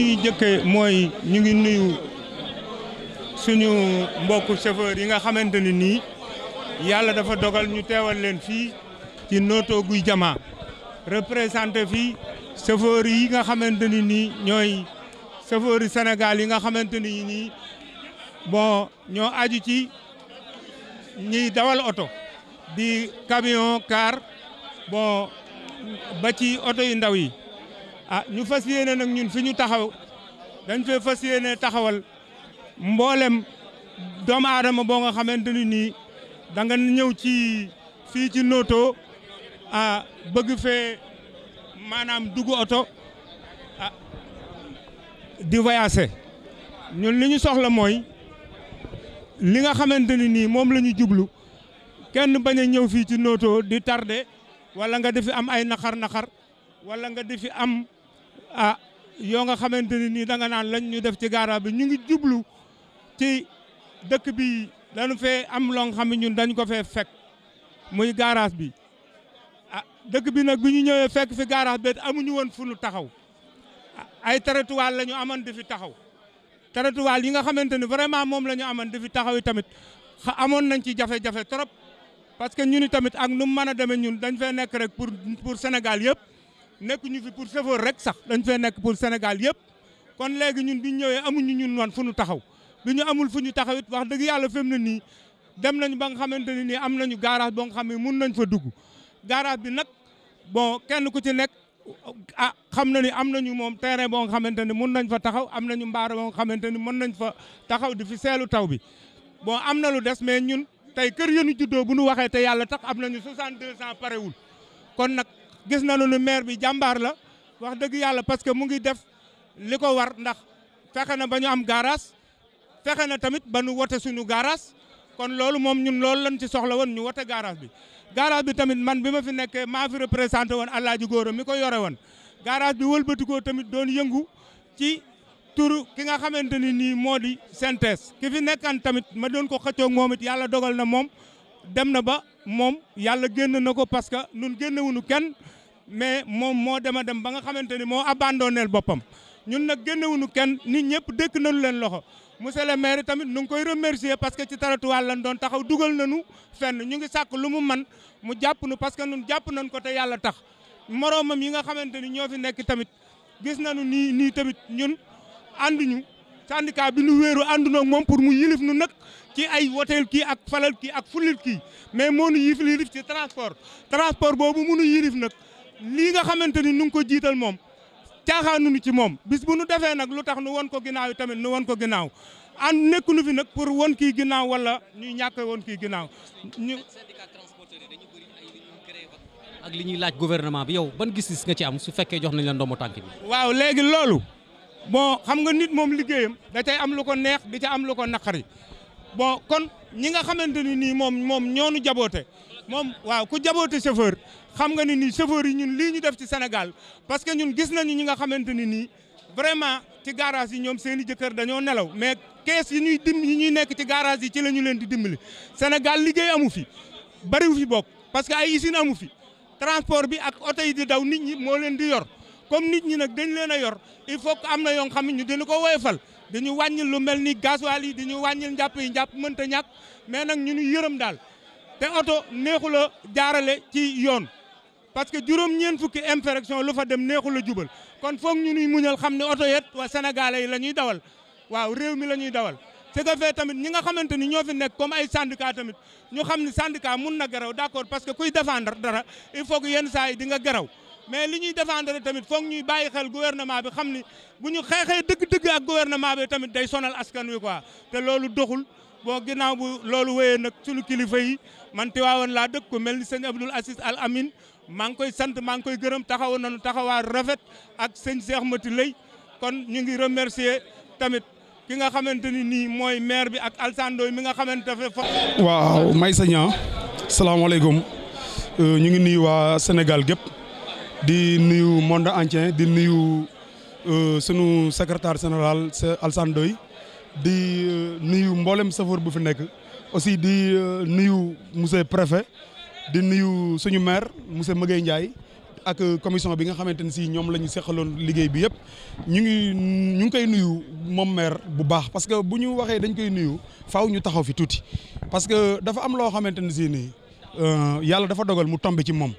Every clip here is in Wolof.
ciy njëkk mooy ñu ngi nuyu suñu mbokku chauffeur yi nga xamante ni nii yàlla dafa dogal ñu teewal leen fii ci noto guy jama représenté fii chauffeur yi nga xamante ni nii ñooy chauffeur Sénégal yi nga xamante ni nii boo ñoo aju ci ñiy dawal oto di camion car bon ba ci oto yu ndaw yi ah ñu fas yéene nag ñun fi ñu taxaw dañ fee fas yéene taxawal mboolem doomu aadama boo nga xamante ni nii danga ñëw ci fii ci nooto a ah, bëgg fee maanaam dugg oto ah di voyager ñun li ñu soxla mooy li nga xamante ni nii moom la ñu jublu kenn bañ a ñëw fii ci nooto di tarde walla nga di am ay naxar-naxar wala nga di am. ah yoo nga xamante ni nii da nga naan lañ ñu def ci gaara bi ñu ngi jublu ci dëkk bi dañu fee am loo xam ne ñun dañ ko fee fekk muy garage bi ah dëkk bi nag bi ñu ñëwee fekk fi garage bi amuñu woon fu ñu taxaw ah, ay trottoir la ñu amoon di fi taxaw trottoir yi nga xamante ni vraiment moom la ñu amoon di fi taxaw yi tamit amoon nañ ci jafe-jafe trop parce que i tamit ak nu mu mën a demee ñun dañ fee nekk rek pour pour Sénégal yëpp. nekk ñu fi pour chauffeur rek sax dañ fee nekk pour Sénégal yëpp kon léegi ñun bi ñu ñëwee amuñu ñun wan fu ñu taxaw bi ñu amul fu ñu taxaw wax dëgg yàlla fem na nii dem nañu ba nga xamante ne nii am nañu garage boo nga xam ne mun nañ fa dugg garage bi nag bon kenn ku ci nekk ah xam na ni am nañu moom terrain boo nga xamante ne mun nañ fa taxaw am nañu mbaar boo xamante ni mën nañ fa taxaw di fi seelu taw bi bon am na lu des mais ñun tey kër yenu juddoo bu nu waxee te yàlla tax am nañu 62 ans parewul kon nag gis nañu ne maire bi jàmbaar la wax dëgg yàlla parce que mu ngi def li ko war ndax fexe na ba ñu am garaas fexe na tamit ba ñu wote suñu garage kon loolu moom ñun loolu lañ ci soxla woon ñu wote garage bi. garage bi tamit man bi ma fi nekkee maa fi représenté woon Alaaji Góora mi ko yore woon garage bi wëlbatikoo tamit doon yëngu ci turu ki nga xamante ni nii moo di synthèse ki fi nekkaan tamit ma doon ko xëccoog moom yàlla dogal na moom dem na ba. moom yàlla génn na ko parce que nun génnewuñu kenn mais moom moo dema a dem ba nga xamante ni moo abandonneel boppam ñun nag génnewuñu kenn nit ñëpp dëkk nañu leen loxo mu le maire tamit nu ngi koy remercier parce que ci taratuwaal lañ doon taxaw dugal nañu fenn ñu ngi sàkk lu mu man mu jàpp nu parce que nun jàpp nañ ko te yàlla tax moroomam yi nga xamante ni ñoo fi nekk tamit gis nañu nii nii tamit ñun ànduñu syndicat bi nu wéeru ànd nag moom pour mu yilif nu nag ci ay woteel kii ak falal kii ak fulil kii mais moo nu yilif yilif ci transport transport boobu munu yilif nag lii nga xamante ni nu ngi ko jiital moom caaxaanu nu ci moom bis bu nu defee nag lu tax nu won ko ginnaaw yi tamit nu won ko ginnaaw ànd nekkunu fi nag pour won kii ginnaaw wala ñuy ñàkk won kii ginnaaw ñu ak li ñuy laaj gouvernement bi yow ban gis-gis nga ci am su fekkee jox nañ la ndombo tànk bi bon xam nga nit moom liggéeyam da cay am lu ko neex di ca am lu ko naqari bon kon ñi nga xamante ni nii moom moom ñoonu jaboote moom waaw ku jaboote chauffeur xam nga ni nii chauffeur yi ñun lii ñu def ci Sénégal parce que ñun gis nañu ñi nga xamante ni nii vraiment ci garage yi ñoom seen i jëkkër dañoo nelaw mais kees yi ñuy dim yi ñuy nekk ci garage yi ci lañu leen di dimbali Sénégal liggéey amu fi bariwu fi bokk parce que ay usine amu fi transport bi ak oto yi di daw nit ñi moo leen di yor comme nit ñi nag dañ leen a yor il faut que am na yoo xam ne ñu dina ko woyofal dañu wàññil lu mel ni gasoil yi dañu wàññil njàpp yi njàpp mënta ñàkk mais nag ñu nu yërëm daal te oto neexu la jaarale ci yoon parce que juróom-ñeent fukki infraction lu fa dem neexu la jubal kon foog ñu ñuy muñal xam ne oto yet waa sénégalais yi la ñuy dawal waaw réew mi la ñuy dawal ce que fait tamit ñi nga xamante ni ñoo fi nekk comme ay tamit ñu xam ne syndicat mun na garaw d'accord parce que kuy défendre dara il faut yenn saa yi di nga garaw mais li ñuy défendre tamit foog ñuy bàyyi xel gouvernement bi xam ni bu ñu xeexee dëgg-dëgg ak gouvernement bi tamit day sonal askan wi quoi te loolu doxul boo ginnaaw bu loolu wéyee nag suñu kilifa yi man Tiwaawan laa dëkk ko mel ni sëñ Abdoul Aziz Al Amin maa ngi koy sant maa ngi koy gërëm taxaw nañu taxawaar rafet ak sëñ Cheikh Mati Lay kon ñu ngi remercier tamit ki nga xamante ni nii mooy maire bi ak alsandooy mi nga xamante ne fa. waaw Maysa Niang salaamaaleykum euh, ñu ngi nuyu waa Sénégal gépp di nuyu monde entier di nuyu euh, sunu secrétaire général Alsane Doy di euh, nuyu mboolem safoor bu fi nekk aussi di euh, nuyu monsieur préfet di nuyu suñu maire monsieur Maguette Ndiaye ak commission bi nga xamante ne si ñoom la ñu seqaloon liggéey bi yëpp ñu ngi ñu ngi koy nuyu moom maire bu baax parce que bu ñu waxee dañ koy nuyu faw ñu taxaw fi tuuti parce que dafa am loo xamante ne si nii yàlla dafa dogal mu tombe ci moom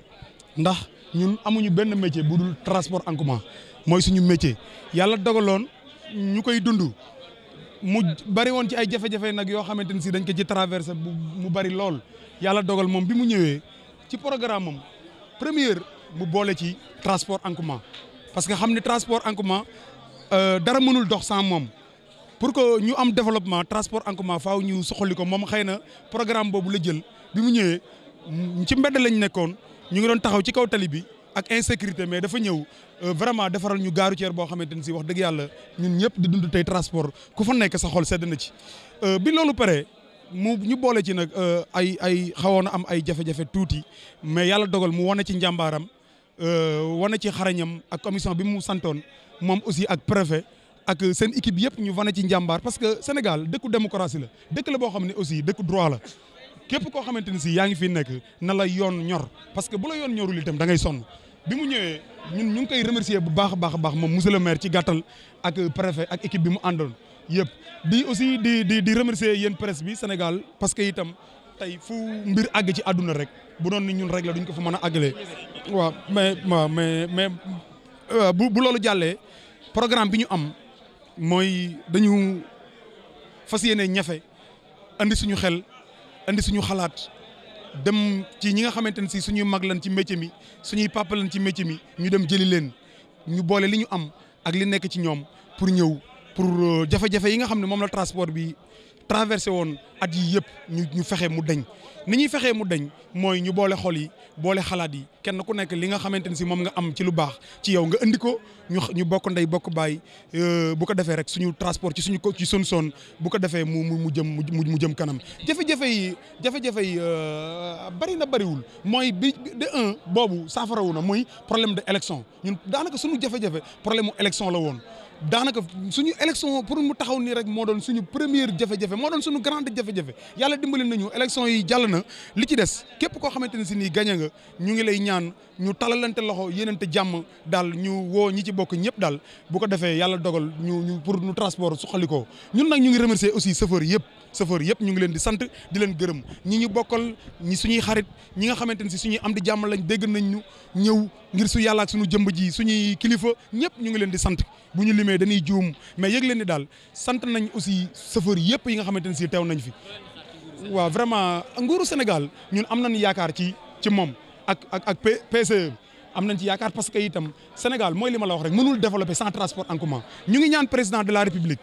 ndax ñun amuñu benn métier bu dul transport en commun mooy suñu métier yàlla dogaloon ñu koy dund mu bari woon ci ay jafe-jafe nag yoo xamante ni si dañ ko ci traversé bu mu bari lool yàlla dogal moom bi mu ñëwee ci programme moom première mu boole ci transport en commun parce que xam ne transport en commun euh, dara mënul dox sans moom pour que ñu am développement transport en commun faaw ñu soxali ko moom xëy na programme boobu la jël bi mu ñëwee ci mbedd lañ nekkoon. ñu ngi doon taxaw ci kaw tali bi ak insécurité mais dafa ñëw euh, vraiment defaral ñu gaaru ceer boo xamante ni si wax dëgg yàlla ñun ñëpp di dund tey transport ku fa nekk sa xol sedd na ci. Euh, bi loolu pare mu ñu boole ci nag euh, ay ay xawoon na am ay jafe tuuti mais yàlla dogal mu wane ci njàmbaaram wane ci xarañam ak commission bi mu santoon moom aussi ak préfet. ak seen équipe yëpp ñu wane ci njàmbaar parce que Sénégal dëkku démocratie la dëkk la boo xam ne aussi dëkku droit la képp koo xamante ni si yaa ngi fi nekk na la yoon ñor parce que bu la yoon ñorul itam da ngay sonn bi mu ñëwee ñun ñu ngi koy remercier bu baax baax a baax moom monsieur le maire ci gàttal ak préfet ak équipe bi mu àndoon yëpp di aussi di di di remercier yéen presse bi Sénégal parce que itam tey fu mbir àgg ci àdduna rek bu doon ni ñun rek la duñ ko fa mën a àggalee. waaw mais mais mais euh, bu bu loolu jàllee programme bi ñu am mooy dañu fas yéene ñafe andi suñu xel. andi suñu xalaat dem ci ñi nga xamante ne si suñuy mag lan ci métier mi suñuy papa lan ci métier mi ñu dem jëli leen ñu boole li ñu am ak li nekk ci ñoom pour ñëw pour euh, jafe-jafe yi nga xam ne moom la transport bi traversé woon at yi yëpp ñu ñu fexe mu dañ ni ñuy fexee mu dañ mooy ñu boole xol yi boole xalaat yi kenn ku nekk li nga xamante ni si moom nga am ci lu baax ci yow nga indi ko ñu ñu bokk ndey bokk baay euh, bu ko defee rek suñu transport ci suñu ko ci son son bu ko defee mu mu mu jëm mu mu jëm kanam jafe-jafe yi jafe euh, na bariwul mooy bi de un boobu saafarawu na mooy problème de élection ñun daanaka suñu jafe-jafe problème mu élection la woon daanaka suñu élection pour mu taxaw nii rek moo doon suñu première jafe-jafe moo doon suñu grande jafe-jafe yàlla dimbali nañu élection yi jàll na li ci des képp koo xamante ne si nii gañe ñu ngi lay ñaan ñu talalante loxo yéenante jàmm daal ñu woo ñi ci bokk ñëpp daal bu ko defee yàlla dogal ñu ñu pour ñu transport ko ñun nag ñu ngi remercier aussi chauffeur yëpp. chauffeur yëpp ñu ngi leen di sant di leen gërëm ñu ñu bokkal ñi suñuy xarit ñi nga xamante ne si suñuy am di jàmm lañ dégg nañ ñu ñëw ngir su yàlla ak suñu jëmb ji suñuy kilifa ñëpp ñu ngi leen di sant bu ñu limee dañuy juum mais yëg leen ni daal sant nañ aussi chauffeur yëpp yi nga xamante ne si teew nañ fi waaw vraiment nguuru Sénégal ñun am nañ yaakaar ci ci moom ak ak ak PCE am nañ ci yaakaar parce que itam Sénégal mooy li ma la wax rek mënul développer sans transport en commun ñaan président de la République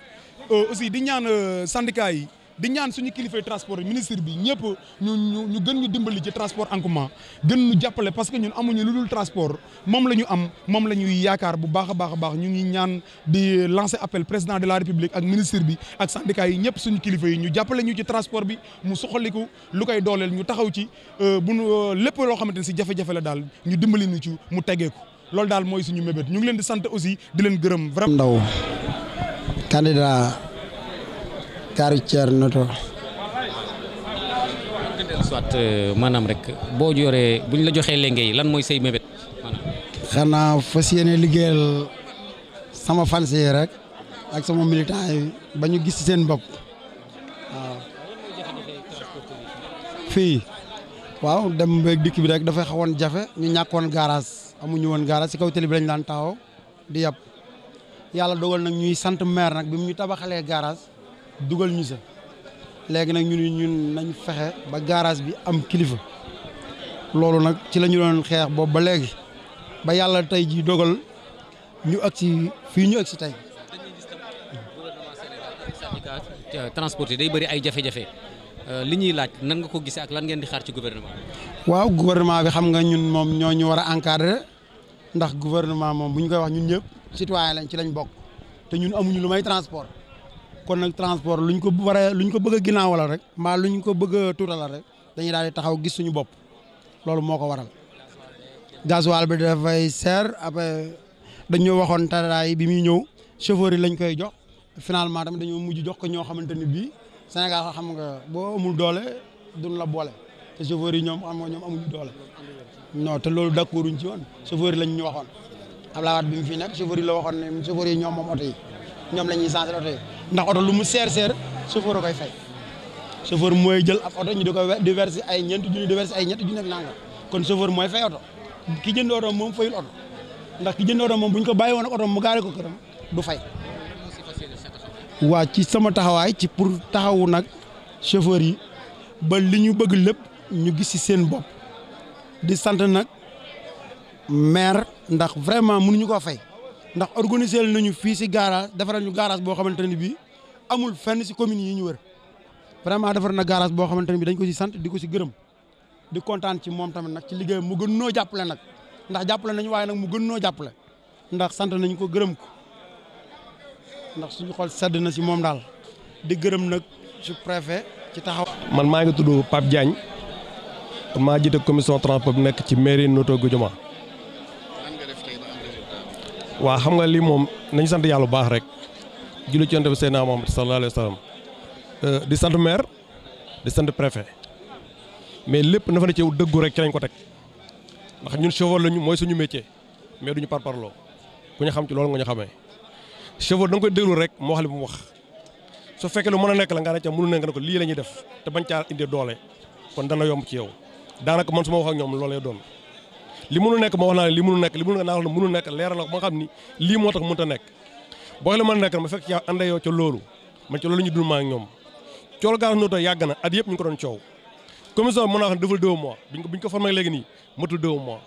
euh, aussi di ñaan euh, syndicat yi di ñaan suñu kilifay transport ministre bi ñëpp ñu ñu ñu gën ñu dimbali ci transport en commun gën ñu jàppale parce que ñun amuñu lu dul transport moom la ñu am moom la ñuy yaakaar bu baax a baax a baax ñu ngi ñaan di lancer appel président de la république ak ministre bi ak syndicat yi ñëpp suñu kilifa yi ñu jàppale ñu ci transport bi mu soxaliku lu koy dooleel ñu taxaw ci euh, bu nu euh, lépp loo xamante ne si jafe-jafe la daal ñu dimbali ñu ci mu tegeeku loolu daal mooy suñu mébét ñu ngi leen di sant aussi di leen gërëm. ndaw candidat yaakaaru Ceerno to soit maanaam rek boo yoree buñ la joxee lenge yi lan mooy say mébét xanaa fas yéene liggéeyal sama fanse yi rek ak sama militant yi ba ñu gis seen bopp waaw fii waaw dem beeg dikk bi rek dafay xawoon jafe ñu ñàkkoon garage amuñu woon garage si kaw télé bi lañ daan taxaw di yàpp yàlla dogal nag ñuy sant maire nag bi mu ñu tabaxalee garage dugal ñu sa léegi nag ñun ñun nañ fexe ba garage bi am kilifa loolu nag ci lañu doon xeex boobu ba léegi ba yàlla tey ji dogal ñu ak si fii ñu ak si tey. transporté day bari ay jafe-jafe euh, li ñuy laaj nan nga ko gisee ak lan ngeen di xaar ci gouvernement waaw gouvernement bi xam nga ñun moom ñoo ñu war a encadrer ndax gouvernement moom bu ñu koy wax ñun ñëpp citoyen lañ ci lañ bokk te ñun amuñu lu may transport. kon nag transport luñ ko war a luñ ko bëgg a ginnaawal rek mbaa luñ ko bëgg a rek dañuy daal di taxaw gis suñu bopp loolu moo ko waral. gasoil bi dafay seer après dañoo waxoon taraay bi muy ñëw chauffeur yi lañ koy jox finalement tamit dañoo mujj jox ko ñoo xamante ni bii Sénégal xam nga boo amul doole duñ la boole te ñoom xam nga ñoom amuñu doole non te loolu d'accord uñ ci woon chauffeur lañ ñu waxoon bi mu fi nekk chauffeur la waxoon ne chauffeur ñoom moom oto yi ñoom la ñuy changer oto yi. ndax oto lu mu seer seer chauffeur a koy fay chauffeur mooy jël ab oto ñu di ko di verser ay ñeenti junni di verser ay ñetti junni ak nangam kon chauffeur mooy fay oto ki jënd oto moom fayul oto ndax ki jënd oto moom bu ñu ko bàyyi woon oto mu gaare ko këram du fay waa ci sama taxawaay ci pour taxawu nag chauffeur yi ba li ñu bëgg lépp ñu gis ci seen bopp di sant nag maire ndax vraiment mënuñu koo fay ndax organiser nañu fii si garage defaral ñu garage boo xamante ne bii amul fenn si communes yi ñu wër vraiment defar na garage boo xamante ne bi dañ ko si sant di ko si gërëm di kontaan ci moom tamit nag ci liggéey mu gën noo jàppale nag ndax jàppale nañu waaye nag mu gën noo jàppale ndax sant nañ ko gërëm ko ndax suñu xol sedd na si moom daal di gërëm nag su préfet ci taxaw. man maa ngi tudd Pape Diagne maa jiite commission transport bi nekk ci mairie Notto Goudiama waa xam nga lii moom nañu sant yàlla bu baax rek julli ci yonent bi Seydina Muhammad sallallahu alayhi wa euh, di sant maire di sant préfet mais lépp na fa ne ci dëggu rek ci ko teg ndax ñun chauffeur lañu mooy suñu métier mais duñu parparloo ku ñu xam ci loolu nga ñu xamee chauffeur da nga koy déglu rek moo wax li mu wax su fekkee lu mën a nekk la nga ne ca mënu ne nga ne ko lii la ñuy def te bañ caa indi doole kon dana yomb ci yow daanaka man su ma ak ñoom loolee doon. li mënu nekk ma wax naa ne li mënu nekk li mënu naa wax ne mënu nekk leeral ko ba xam ni lii moo tax mënut a nekk boo xam ne mën nekk ma fekk yaa ànd yow ca loolu man ca loolu ñu dul maa ngi ñoom yàgg na at yëpp ñu ko doon coow commission bi mën naa wax ne deful deux mois biñ ko biñ ko formé léegi nii matul deux mois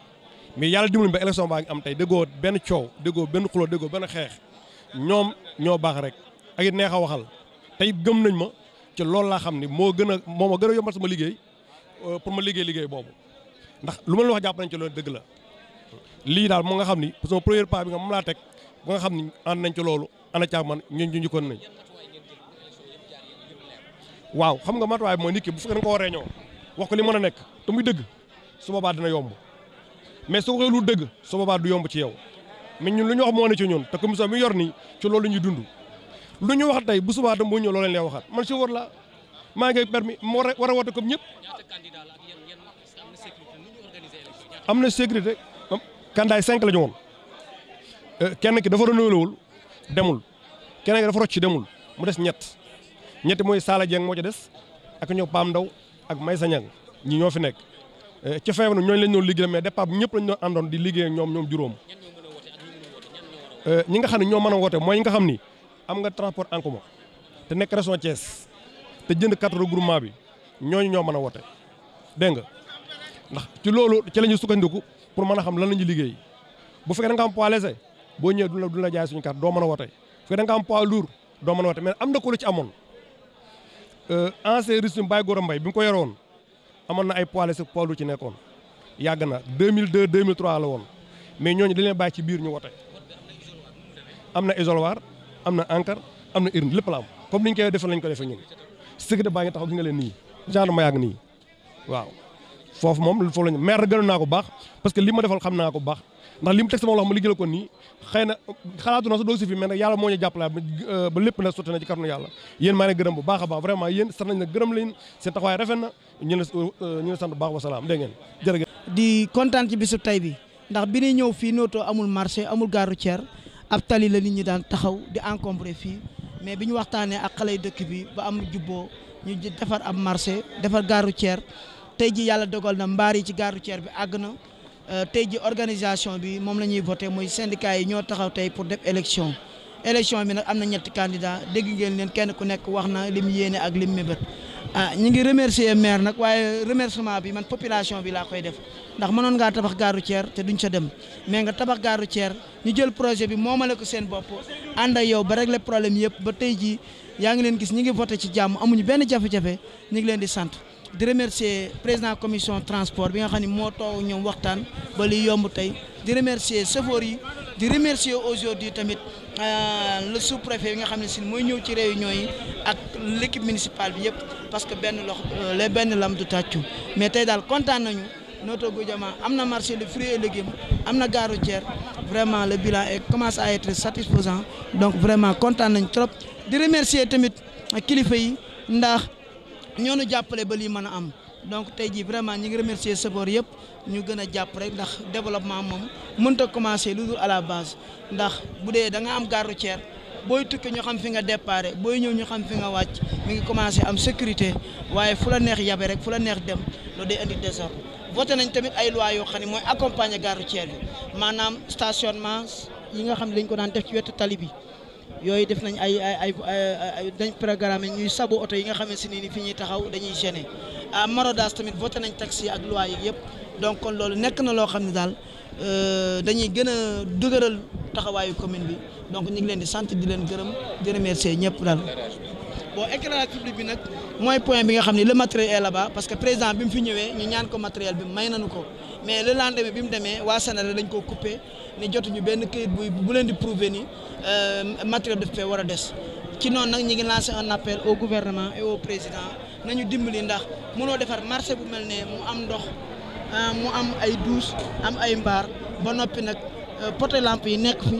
mais yàlla dimbali ba élection baa ngi am tey déggoo benn coow déggoo benn xuloo déggoo benn xeex ñoom ñoo baax rek ak neex a waxal tey gëm nañ ma ca loolu laa xam ni moo gën a moo ma gën a yombal sama liggéey euh, pour ma liggéey liggéey boobu ndax lu ma la wax jàpp nañ ci loolu dëgg la lii daal mu nga xam ni sama premier pas bi nga moom laa teg ba nga xam ni ànd nañ ci loolu ana caaman ñun ñu njëkkoon nañ waaw xam nga mat bi moo nit ki bu fekkee da nga ko war wax ko li ma a nekk te muy dëgg su boobaa dina yomb mais su lu dëgg su boobaa du yomb ci yow mais ñun lu ñu wax moo ne ci ñun te commission bi yor nii ci loolu ñuy dund lu ñu wax tey bu subaa tam boo ñëw loolu leen lay waxaat man si la maa ngi koy moo war a woote comme ñëpp am na sécurité kandaay cinq la ñu euh, kenn ki dafa renouvelewul demul keneen ki dafa rocci demul mu des ñett ñetti mooy Sala Dieng moo ci des ak ñoo Pam Ndaw ak Maysa Niang ñi ñoo fi nekk euh, ci feebar ñooñ lañ doon liggéey mais départ bi ñëpp lañ doon àndoon di liggéey ñoom ñoom juróom euh, ñi nga xam ne ñoo mën a woote mooy ñi nga xam ni am nga transport en commun te nekk région Thiès te jënd carte regroupement bi ñooñu ñoo mën a woote dégg nga ndax ci loolu ci la ñu sukkandiku pour mën a xam lan la ñuy liggéey bu fekkee nga am poids léger boo ñëwee du la du la jaay suñu carte doo mën a wote bu nga am poids lourd doo mën a wote mais am na ku la ci amoon euh, ancien régime Baye Gora Mbaye bi mu ko yore amoon na ay poids léger poids lourd ci nekkoon yàgg na 2002 2003 la woon mais ñooñu dañ leen bàyyi ci biir ñu wote am na isoloir am na encre am na urne lépp la am comme ni ñu koy defee lañ ko defee ñun sécurité baa ngi taxaw gi nga leen nii genre ma yàgg nii waaw foofu moom foofu lañ maire gënoon naa ko baax parce que li ma defal xam naa ko baax ndax li mu teg sama loo xam ma li jël ko nii xëy na xalaatu na sa doo si fi mais nag yàlla moo ñu jàppale ba lépp na sotti na ci kàttanu yàlla yéen maa ngi gërëm bu baax a baax vraiment yéen sant nañ na gërëm leen seen taxawaay rafet na ñu ne ñu ne sant bu baax wasalaam dégg ngeen jërëjëf di kontaan ci bisu tay bi ndax bi ñuy ñëw fii nootoo amul marché amul gare routière ab tali la nit ñi daan taxaw di encombré fii mais bi ñu waxtaanee ak xale dëkk bi ba am jubboo ñu defar ab marché defar gare routière tey ji yàlla dogal na mbaar yi ci gare routière bi àgg na euh, tey ji organisation bi moom la ñuy voté mooy syndicat yi ñoo taxaw tey pour def élection élection bi nag am na ñetti candidat dégg ngeen leen kenn ku nekk wax na lim yéene ak lim mébét ah ñi ngi remercier maire nag waaye remerciement bi man population bi laa koy def ndax mënoon ngaa tabax gare routière te duñ sa dem mais nga tabax gare routière ñu jël projet bi moomale ko seen bopp ànd a yow ba régler problème yëpp ba tey jii yaa ngi leen gis ñi ngi voté ci jàmm amuñu benn jafe-jafe ngi leen di sant di remercier président commission transport bi nga xam ne moo toog ñoom waxtaan ba li yomb tey di remercier chauffeur yi di remercier aujourd'hui tamit euh, le sous-préfet bi nga xam ne si mooy ñëw ci réunion yi ak l'équipe municipale bi yëpp parce que benn lox euh, les benn lam du tàccu mais tey daal kontaan nañu notre gouvernement am na marché de fruits et légumes am na gare routière vraiment le bilan est commence à être satisfaisant donc vraiment kontaan nañ trop di remercier tamit kilifa yi ndax. ñoo nu jàppale ba lii mën a am donc tey jii vraiment ñu ngi remercier support yëpp ñu gën a jàpp rek ndax développement moom mënut a commencer lu dul à la base ndax bu dee da nga am gare routière booy tukkee ñu xam fi nga départ booy ñëw ñu xam fi nga wàcc mi ngi commencer am sécurité waaye fu la neex yabe rek fu la neex dem loolu day indi désordre voté nañ tamit ay loi yoo xam ne mooy accompagner gare routière bi maanaam stationnement yi nga xam ne dañ ko daan def ci wetu tali bi. yooyu def nañ ay ay ay dañ programme ñuy sabu oto yi nga xamante ne ni fi ñuy taxaw dañuy gêner ah Marodas tamit voté nañ taxi ak loi yi yëpp donc kon loolu nekk na loo xam ne daal euh, dañuy gën a dëgëral taxawaayu commune bi donc ñu ngi leen di sant di leen gërëm di remercier ñëpp daal. bon éclairage public bi nag mooy point bi nga xam ni le matériel est là parce que président bi mu fi ñëwee ñu ñaan ko matériel bi may nañu ko. mais le lendemain bi mu demee waa Sénégal dañ ko coupé ni jotuñu benn këyit buy bu leen di prouver ni euh, matériel daf fee war a des ci noonu nag ñi ngi lancé un appel au gouvernement et au président nañu dimbali ndax mënoo defar marché bu mel ne mu am ndox euh, mu am ay douche am ay mbaar ba noppi nag euh, poteau làmp yi nekk fi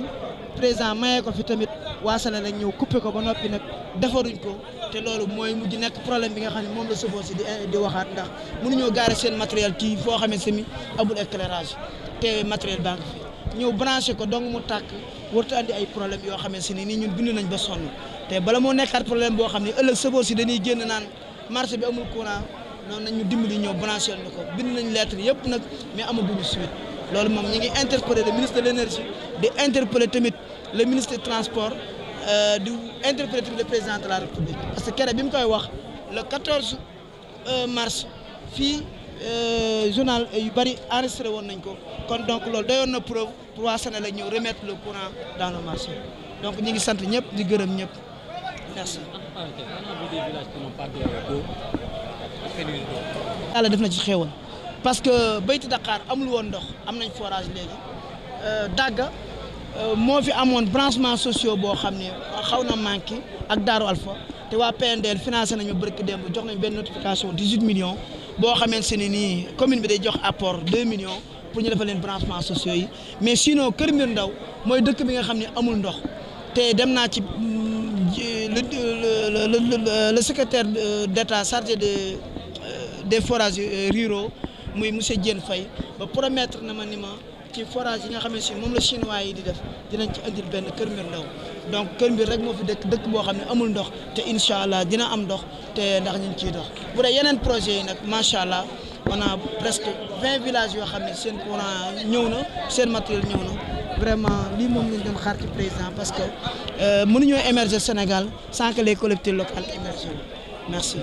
président mayee ko fi tamit. waasale lañ ñëw coupé ko ba noppi nag defaruñ ko te loolu mooy mujj nekk problème bi nga xam ne moom la sofóor si di eh, di waxaat ndax mënuñoo gaare seen matériel ci foo xamee ne semi amul éclairage te matériel baa ñëw branché ko donc mu tàkk warta andi ay problème yoo xam ne si nii ñun bind nañ ba sonn te bala moo nekkaat problème boo xam ne ëllëg sofóor si dañuy génn naan marché bi amul courant noonu nañ ñu dimbali ñëw branché ñu ko bind nañ lettre yëpp nag mais amaguñu suite loolu moom ñi ngi interpeller le ministre de l'énergie di interpeller tamit le ministre des transports euh, di interpeller tamit le président de la république parce que kere bi mu koy wax le 14 euh, mars fii euh, journal yu bëri enregistré woon nañ ko kon donc loolu dayoon na preuve pour waa Sénégal ñëw remettre le courant dans le marché donc ñi ngi sant ñëpp di gërëm ñëpp def na ci xéewal. parce que Bayti Dakar amul woon ndox am nañ forage léegi euh, dàgga euh, moo fi amoon branchement sociaux boo xam ne xaw na manqué ak Daaru Alpha te waa PNDL financé nañu barki démb jox nañ benn notification 18 million boo xamante ne nii commune bi day jox apport deux millions pour ñu defal leen branchement sociaux yi mais sinon Kër Mbir Ndaw mooy dëkk bi nga xam ne amul ndox te dem naa ci mm, le le secrétaire euh, d'État chargé de des forages ruraux muy monsieur Diène Faye ba promettre na ma ni ma ci forage yi nga xam ne si moom la chinois yi di def dinañ ci andil benn Kër Mbir ndaw donc Kër Mbir rek moo fi dëkk dëkk boo xam ne amul ndox te incha allah dina am ndox te ndax ñu ngi ciy dox bu dee yeneen projet yi nag macha allah on a presque vingt villages yoo xam ne seen courant ñëw na seen matériel ñëw na vraiment lii moom lañ doon xaar ci président parce que euh, mënuñoo émerger Sénégal sans que les collectivités locales émergent